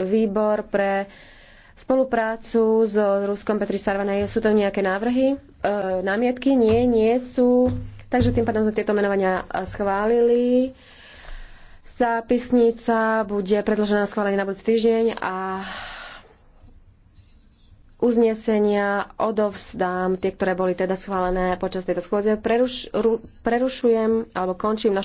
výbor pre spoluprácu s Ruskom Petri Sarvanej. Sú to nejaké návrhy, e, námietky? Nie, nie sú. Takže tým pádom sme tieto menovania schválili. Zápisnica bude predložená na schválenie na budúci týždeň a uznesenia odovzdám tie, ktoré boli teda schválené počas tejto schôdze. Preruš, ru, prerušujem alebo končím našu